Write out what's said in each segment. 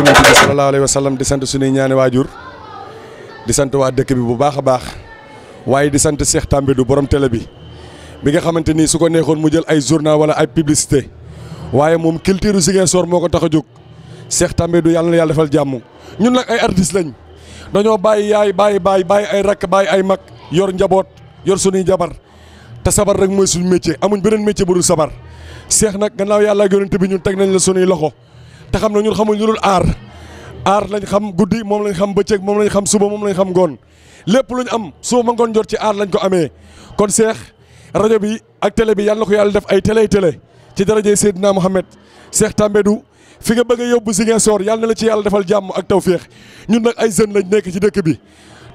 yonent bi sallallahu alayhi wa di sant suñuy ñaani waajur di sant waa dëkk bi bu baax a baax waaye di sant Cheikh Tambédou borom tele bi bi nga xamante ni su ko neexoon mu jël ay journal wala ay publicité waaye moom culture Ziguinchor moo ko tax a jóg Cheikh Tambédou yàlla yàlla defal jàmm ñun nag ay artistes lañ dañoo bàyyi yaay bàyyi bàyyi bàyyi ay rakk bàyyi ay mag yor njaboot yor sunuy jabar te sabar rek mooy suñu métier amuñ beneen métier bu dul sabar nag gannaaw yàlla ak yonent bi ñun teg nañ la suñuy loxo. te xam na ñun xamuñ lu dul aar aar lañ xam guddi moom lañ xam bëccëg moom lañ xam suba moom lañ xam ngoon lépp luñ am suba ma ngoon jot ci aar lañ ko amee kon seex rajo bi ak télé bi yàlla na ko yàlla def ay télé tele ci darajee Seydina Mohamed Cheikh Tambédou fi nga bëgg a yóbbu Ziguinchor yàlla na la ci yàlla defal jàmm ak tawféex ñun nag ay jeunes lañ nekk ci dëkk bi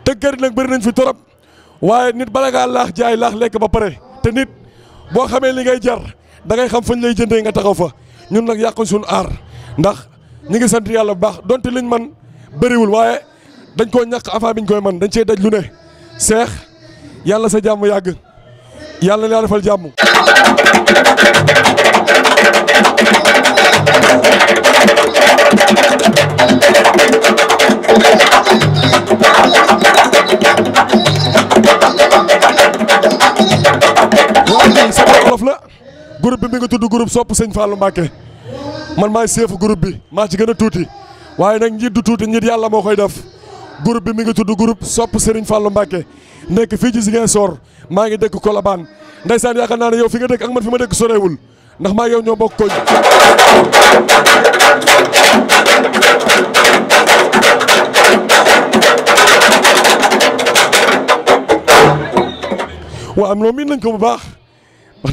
te yi nag bëri nañ fi torop waaye nit bala ngaa laax jaay laax lekk ba pare te nit boo xamee li ngay jar da xam fañ lay jëndee nga taxaw fa ñun nag yàquñ suñu aar ndax ñi ngi sant yalla bu baax donte liñ man wul waye dañ ko ñàkk afa biñ koy man dañ cey daj lu ne cheikh yalla sa jamm yag yalla la defal jamm groupe bi mi ngi groupe Fallou man may chef groupe bi ma ci gëna touti waye nak nag njiit du tuuti njiit yàlla moo koy def groupe bi mi ngi tuddu groupe sop Serigne Fallou Mbacké nek fi ci sor ma ngi dekk kolaban ndaysan yaaka naa yow fi nga dekk ak man fi ma dekk soreewul ndax ma yow ñoo bokk koñ waaw am loo min nañ ko bu baax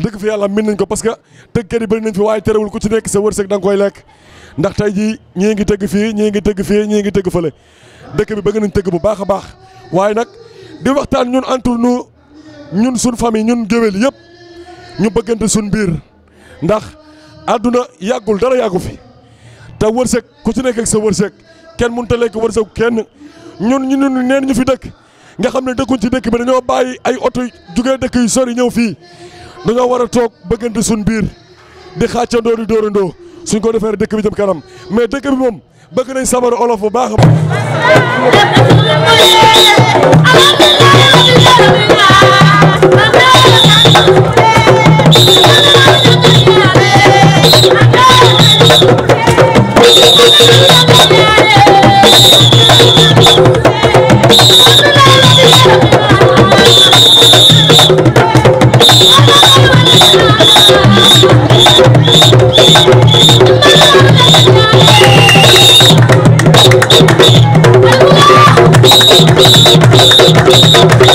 wax fi yàlla min nañ ko parce que tëggkat yi bëri nañ fi waaye terewul ku ci nekk sa wërsëg da nga koy lekk ndax tey jii ñii ngi tëgg fii ñii ngi tëgg fii ñii ngi tëgg fële dëkk bi bëgg nañ tëgg bu baax a baax waaye nag di waxtaan ñun entre nous ñun suñ famille ñun géwél yëpp ñu bëggante suñ biir ndax àdduna yàggul dara yàggu fi te wërsëg ku ci nekk sa wërsëg kenn mënut a lekk wërsëg kenn ñun ñu neen ñu fi dëkk nga xam ne dëkkuñ ci dëkk bi dañoo bàyyi ay oto jugee dëkk yu sori ñëw fii dañoo war a toog bëggante suñ biir di xàccandoo di dóorandoo suñ ko defee dëkk bi jëm kanam mais dëkk bi moom bëgg nañ sabar olof bu baax a baax Thank you.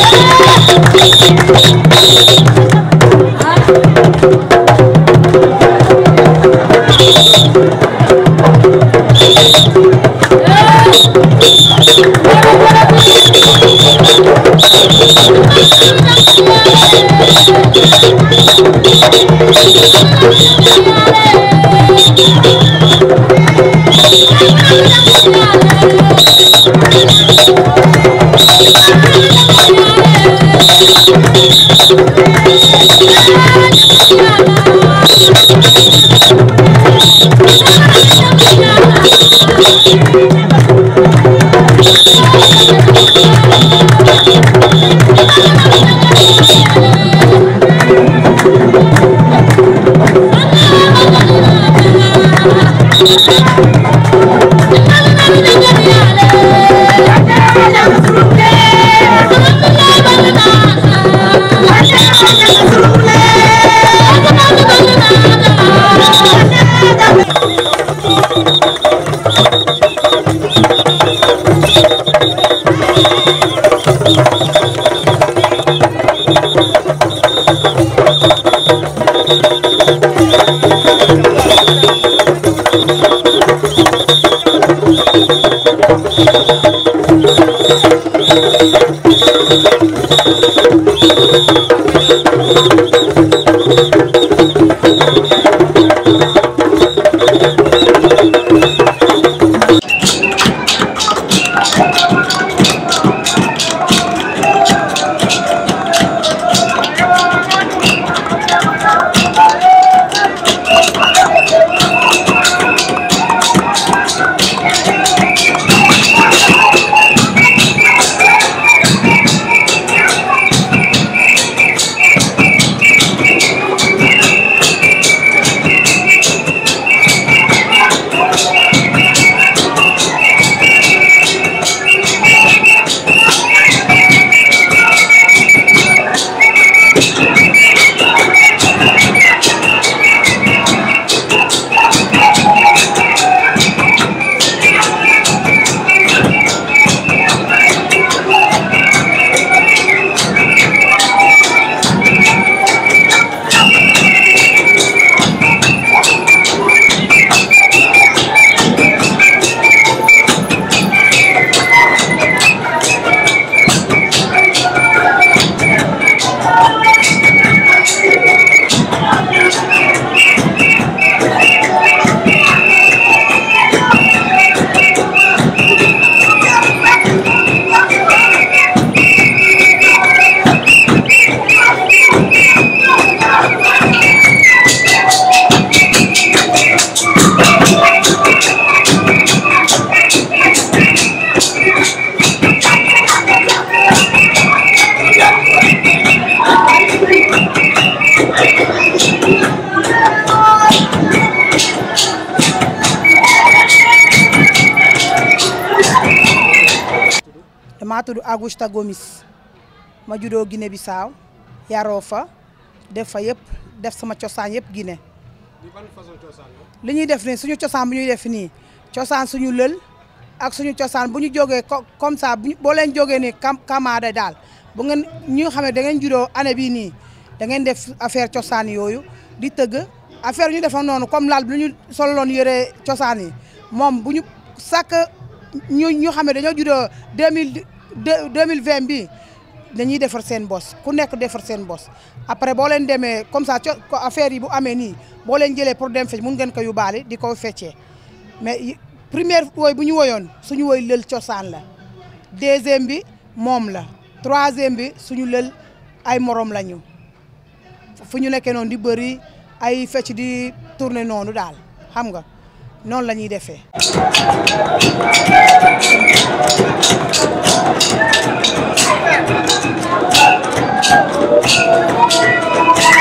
you. Thank you. tudd Augusta Gomis ma judoo Guinée Bissau yaroo fa def fa yëpp def sama cosaan yëpp gine li ñuy def nii suñu cosaan bu ñuy def nii cosaan suñu lël ak suñu cosaan bu ñu jógee comme sa boo leen jógee nii kam kamaada daal bu ngeen ñi nga xam ne da ngeen judoo année bii nii da ngeen def affaire cosaan yooyu di tëgg affaire ñu defoon noonu comme laal bu ñu solloon yore cosaan yi moom bu ñu sàkk ñu ñu xam ne dañoo judoo deux mille deux mille vingt bi dañuy defar seen bos ku nekk defar seen bos après boo leen demee comme ça co yi bu amee nii boo leen jëlee pour dem fecc mun ngeen ko yóbbaale di ko feccee mais première woy bu ñu woyoon suñu woy lël cosaan la deuxième bi moom la troisième bi suñu lël ay morom la ñu fu ñu nekkee noonu di bëri ay fecc di tourner noonu daal xam nga noonu la ñuy defee Thank you.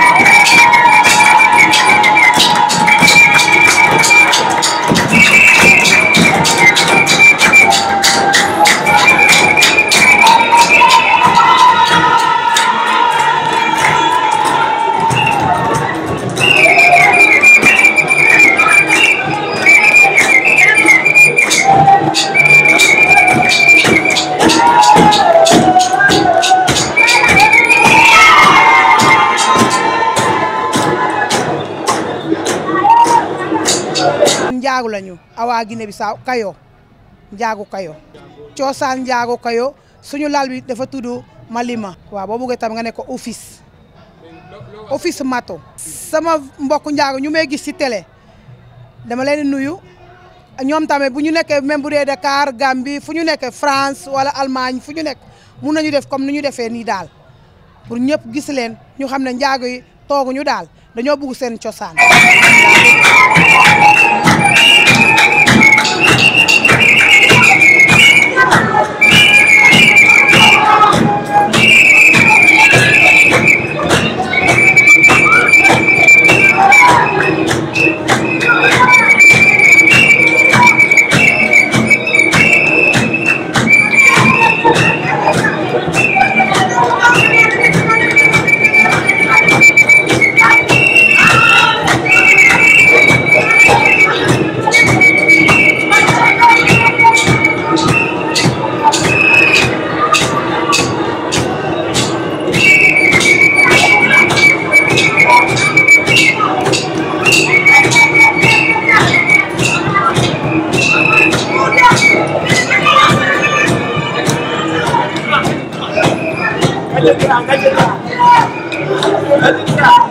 njaagu lañu awaa Guinée Bissau kayo njaagu kayo cosaan njaagu kayo suñu lal bi dafa tudd Malima waaw boo bëggee tam nga ne ko office office mato sama mbokk njaagu ñu may gis ci télé dama leen di nuyu ñoom tamit bu ñu nekkee même bu dee Dakar Gambie fu ñu nekkee France wala almaañ fu ñu nekk mun nañu def comme ni ñu defee nii daal pour ñëpp gis leen ñu xam ne njaagu yi tooguñu daal dañoo bëgg seen cosaan Thank you.